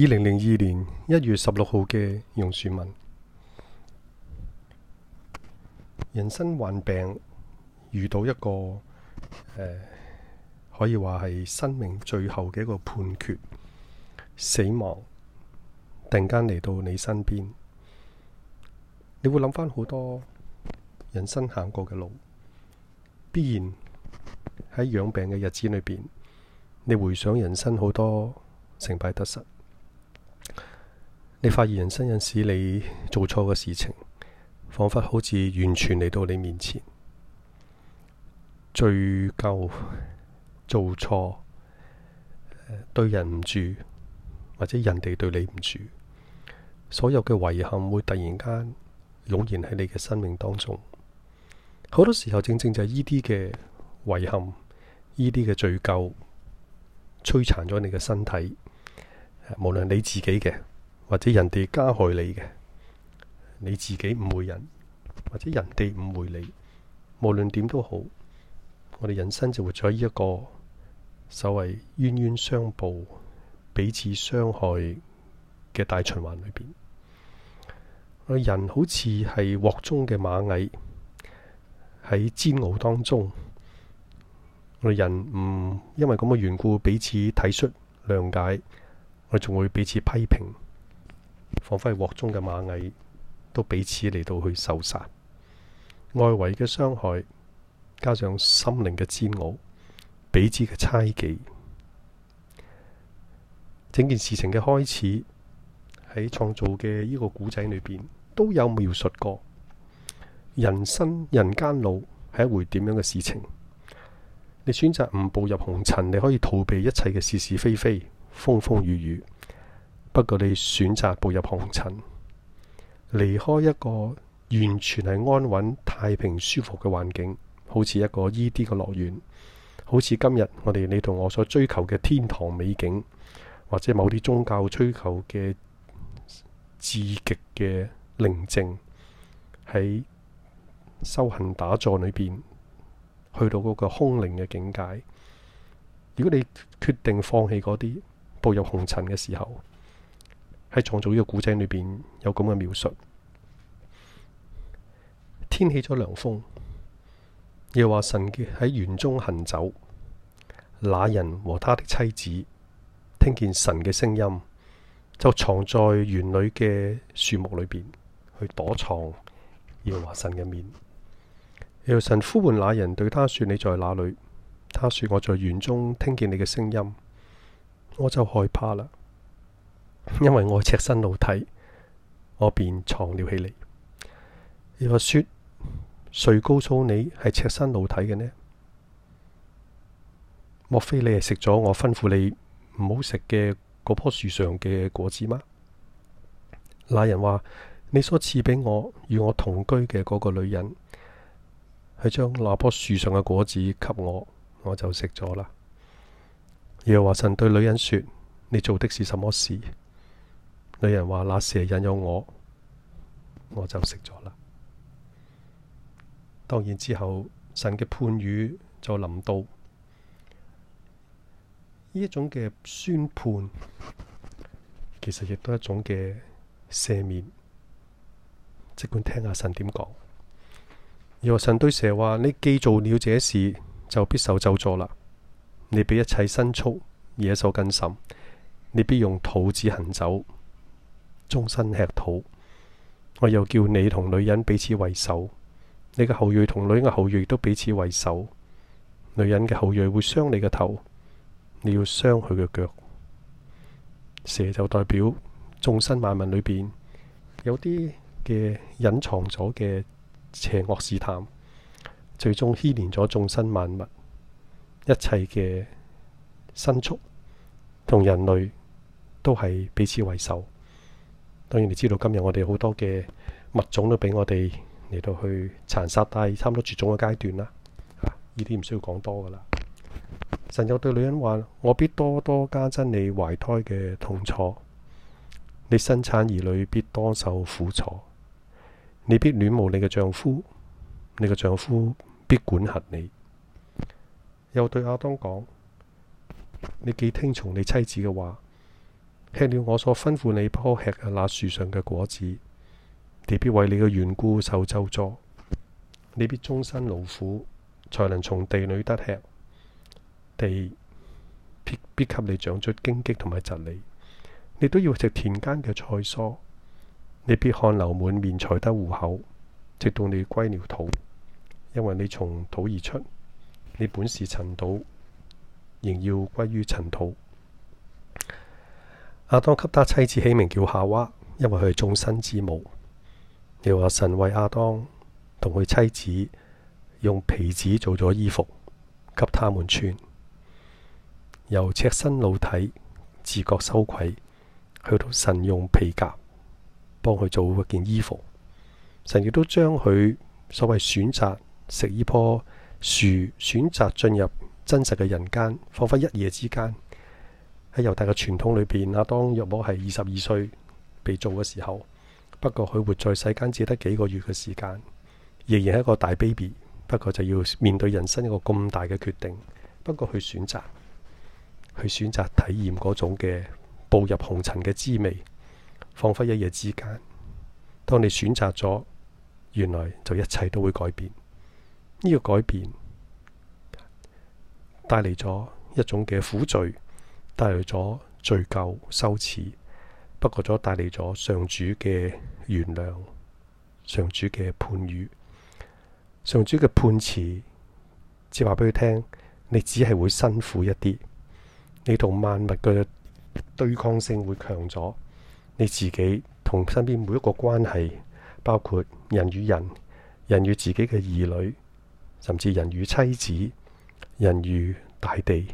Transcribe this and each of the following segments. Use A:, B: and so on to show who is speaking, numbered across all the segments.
A: 二零零二年一月十六號嘅楊樹文，人生患病，遇到一個、呃、可以話係生命最後嘅一個判決，死亡突然間嚟到你身邊，你會諗翻好多人生行過嘅路，必然喺養病嘅日子裏邊，你回想人生好多成敗得失。你發現人生有時你做錯嘅事情，仿佛好似完全嚟到你面前，罪疚、做錯、呃、對人唔住，或者人哋對你唔住，所有嘅遺憾會突然間湧現喺你嘅生命當中。好多時候正正就係呢啲嘅遺憾，呢啲嘅罪疚，摧殘咗你嘅身體，呃、無論你自己嘅，或者人哋加害你嘅，你自己誤會人，或者人哋誤會你，無論點都好，我哋人生就活在呢一個所謂冤冤相報、彼此傷害嘅大循環裏邊。我哋人好似係鍋中嘅螞蟻喺煎熬當中。我哋人唔因為咁嘅緣故彼此體恤諒解，我哋仲會彼此批評。彷彿係鍋中嘅螞蟻，都彼此嚟到去受殺。外圍嘅傷害，加上心靈嘅煎熬，彼此嘅猜忌，整件事情嘅開始喺創造嘅呢個古仔裏邊都有描述過人。人生人間路係一回點樣嘅事情？你選擇唔步入紅塵，你可以逃避一切嘅是是非非、風風雨雨。不過你選擇步入紅塵，離開一個完全係安穩、太平、舒服嘅環境，好似一個伊甸嘅樂園，好似今日我哋你同我所追求嘅天堂美景，或者某啲宗教追求嘅至極嘅寧靜喺修行打坐裏邊，去到嗰個空靈嘅境界。如果你決定放棄嗰啲步入紅塵嘅時候，喺創造呢個古仔裏邊有咁嘅描述天起咗涼風，耶和華神嘅喺園中行走，那人和他的妻子聽見神嘅聲音，就藏在園裏嘅樹木裏邊去躲藏，耶和華神嘅面。耶和華神呼喚那人對他說：你在哪裏？他說：我在園中聽見你嘅聲音，我就害怕啦。因為我赤身露體，我便藏了起嚟。耶和華話說，說誰告訴你係赤身露體嘅呢？莫非你係食咗我吩咐你唔好食嘅嗰棵樹上嘅果子嗎？那人話：你所賜俾我與我同居嘅嗰個女人，係將那棵樹上嘅果子給我，我就食咗啦。耶和華神對女人說：你做的是什麼事？女人話：那蛇引誘我，我就食咗啦。當然之後，神嘅判語就臨到呢一種嘅宣判，其實亦都係一種嘅赦免。即管聽下神點講，而神對蛇話：你既做了這事就必受咒助啦。你比一切牲畜野獸更甚，你必用肚子行走，終身吃土，我又叫你同女人彼此為仇。你嘅後裔同女人嘅後裔都彼此為仇。女人嘅後裔會傷你嘅頭，你要傷佢嘅腳。蛇就代表眾生萬物裏邊有啲嘅隱藏咗嘅邪惡試探，最終牽連咗眾生萬物，一切嘅牲畜同人類都係彼此為仇。當然你知道今日我哋好多嘅物種都俾我哋嚟到去殘殺，但差唔多絕種嘅階段啦。呢啲唔需要講多噶啦。神又對女人話：我必多多加增你懷胎嘅痛楚，你生產兒女必多受苦楚，你必戀慕你嘅丈夫，你嘅丈夫必管轄你。又對亞當講：你幾聽從你妻子嘅話，吃了我所吩咐你不可吃嘅那樹上嘅果子，你必為你嘅緣故受咒詛，你必終身勞苦，才能從地裏得吃。地必必給你長出荊棘同埋蒺藜，你都要食田間嘅菜蔬。你必汗流滿面才得糊口，直到你歸了土，因為你從土而出，你本是塵土，仍要歸於塵土。阿當給他妻子起名叫夏娃，因為佢係眾生之母。又話神為阿當同佢妻子用皮子做咗衣服，給他們穿。由赤身裸體自覺羞愧，去到神用皮革幫佢做一件衣服。神亦都將佢所謂選擇食呢棵樹，選擇進入真實嘅人間，仿佛一夜之間。喺猶太嘅傳統裏邊，亞當約摸係二十二歲被做嘅時候。不過佢活在世間只得幾個月嘅時間，仍然係一個大 baby。不過就要面對人生一個咁大嘅決定。不過去選擇，去選擇體驗嗰種嘅步入紅塵嘅滋味，仿佛一夜之間。當你選擇咗，原來就一切都會改變。呢個改變帶嚟咗一種嘅苦罪。帶來咗罪疚、羞恥，不過咗帶來咗上主嘅原諒、上主嘅判語、上主嘅判詞，只話俾佢聽，你只係會辛苦一啲，你同萬物嘅對抗性會強咗，你自己同身邊每一個關係，包括人與人、人與自己嘅兒女，甚至人與妻子、人與大地。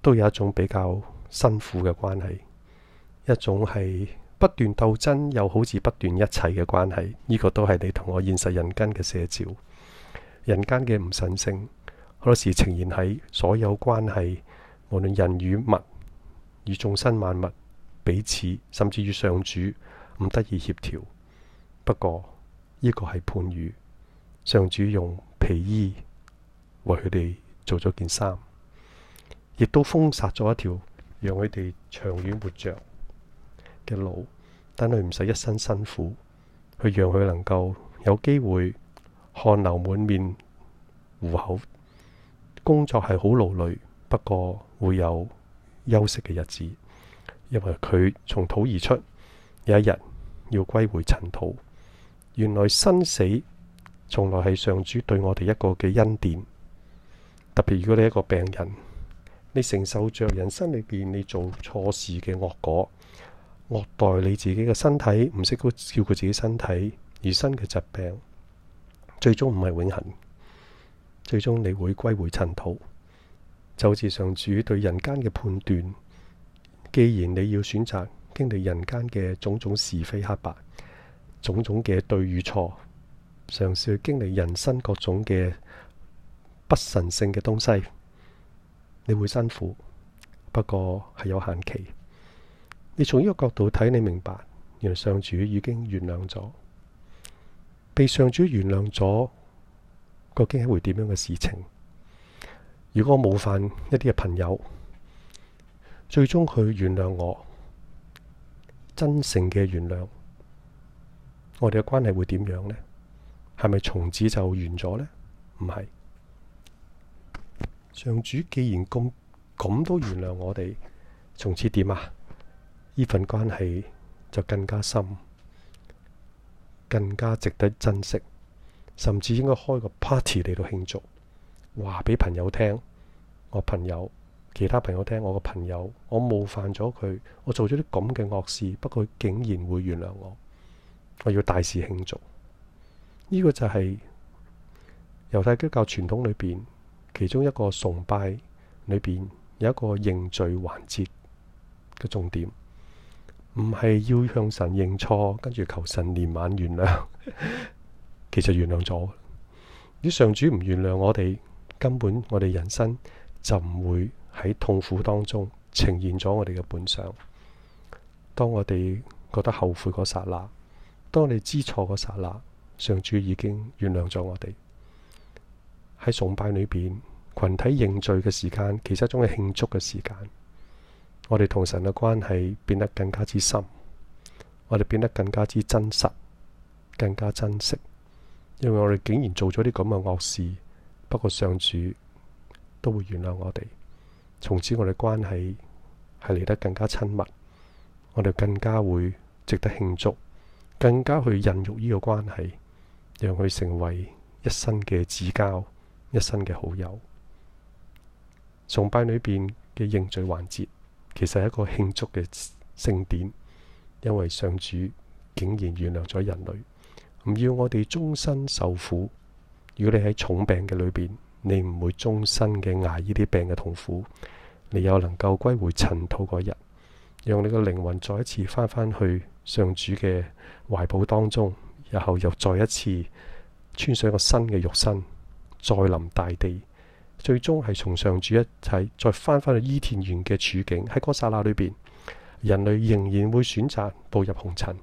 A: 都有一種比較辛苦嘅關係，一種係不斷鬥爭，又好似不斷一切嘅關係。呢、這個都係你同我現實人間嘅寫照。人間嘅唔神聖，好多時呈現喺所有關係，無論人與物與眾生萬物彼此，甚至於上主唔得以協調。不過呢、這個係判語，上主用皮衣為佢哋做咗件衫。亦都封殺咗一條讓佢哋長遠活着嘅路，等佢唔使一身辛苦，去讓佢能夠有機會汗流滿面糊口。工作係好勞累，不過會有休息嘅日子，因為佢從土而出，有一日要歸回塵土。原來生死從來係上主對我哋一個嘅恩典，特別如果你一個病人。你承受着人生裏邊你做錯事嘅惡果，惡待你自己嘅身體，唔識照顧自己身體而生嘅疾病，最終唔係永恒，最終你會歸回塵土。就似上主對人間嘅判斷，既然你要選擇經歷人間嘅種種是非黑白，種種嘅對與錯，嘗試去經歷人生各種嘅不神聖嘅東西。你會辛苦，不過係有限期。你從呢個角度睇，你明白，原來上主已經原諒咗，被上主原諒咗究竟會點樣嘅事情？如果我冒犯一啲嘅朋友，最終佢原諒我，真誠嘅原諒，我哋嘅關係會點樣呢？係咪從此就完咗呢？唔係。上主既然咁咁都原諒我哋，從此點啊？呢份關係就更加深，更加值得珍惜，甚至應該開個 party 嚟到慶祝，話俾朋友聽。我朋友，其他朋友聽我個朋友，我冒犯咗佢，我做咗啲咁嘅惡事，不過佢竟然會原諒我，我要大肆慶祝。呢個就係猶太基督教傳統裏邊。其中一個崇拜裏邊有一個認罪環節嘅重點，唔係要向神認錯，跟住求神憐憫原諒，其實原諒咗。如果上主唔原諒我哋，根本我哋人生就唔會喺痛苦當中呈現咗我哋嘅本相。當我哋覺得後悔嗰剎那，當你知錯嗰剎那，上主已經原諒咗我哋。喺崇拜裏邊，群體認罪嘅時間，其實仲係慶祝嘅時間。我哋同神嘅關係變得更加之深，我哋變得更加之真實，更加珍惜。因為我哋竟然做咗啲咁嘅惡事，不過上主都會原諒我哋。從此我哋關係係嚟，得更加親密，我哋更加會值得慶祝，更加去孕育呢個關係，讓佢成為一生嘅至交。一生嘅好友，崇拜裏邊嘅認罪環節，其實係一個慶祝嘅盛典，因為上主竟然原諒咗人類，唔要我哋終身受苦。如果你喺重病嘅裏邊，你唔會終身嘅挨呢啲病嘅痛苦，你又能夠歸回塵土嗰日，讓你個靈魂再一次翻返去上主嘅懷抱當中，日後又再一次穿上個新嘅肉身。再臨大地，最終係從上主一齊再翻返去伊甸園嘅處境。喺嗰剎那裏邊，人類仍然會選擇步入紅塵，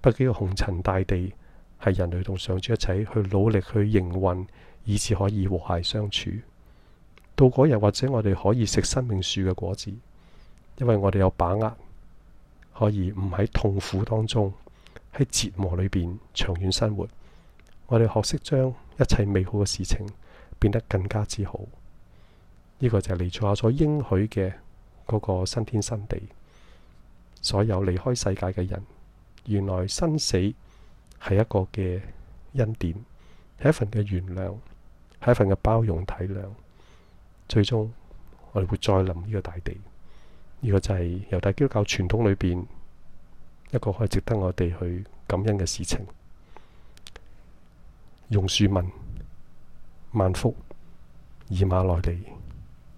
A: 不，呢個紅塵大地係人類同上主一齊去努力去營運，以至可以和諧相處。到嗰日或者我哋可以食生命樹嘅果子，因為我哋有把握可以唔喺痛苦當中，喺折磨裏邊長遠生活。我哋學識將一切美好嘅事情變得更加之好，呢、這個就係彌賽亞所應許嘅嗰個新天新地。所有離開世界嘅人，原來生死係一個嘅恩典，係一份嘅原諒，係一份嘅包容體諒。最終，我哋會再臨呢個大地。呢、這個就係猶太基督教傳統裏邊一個可以值得我哋去感恩嘅事情。榕樹文萬福以馬內利。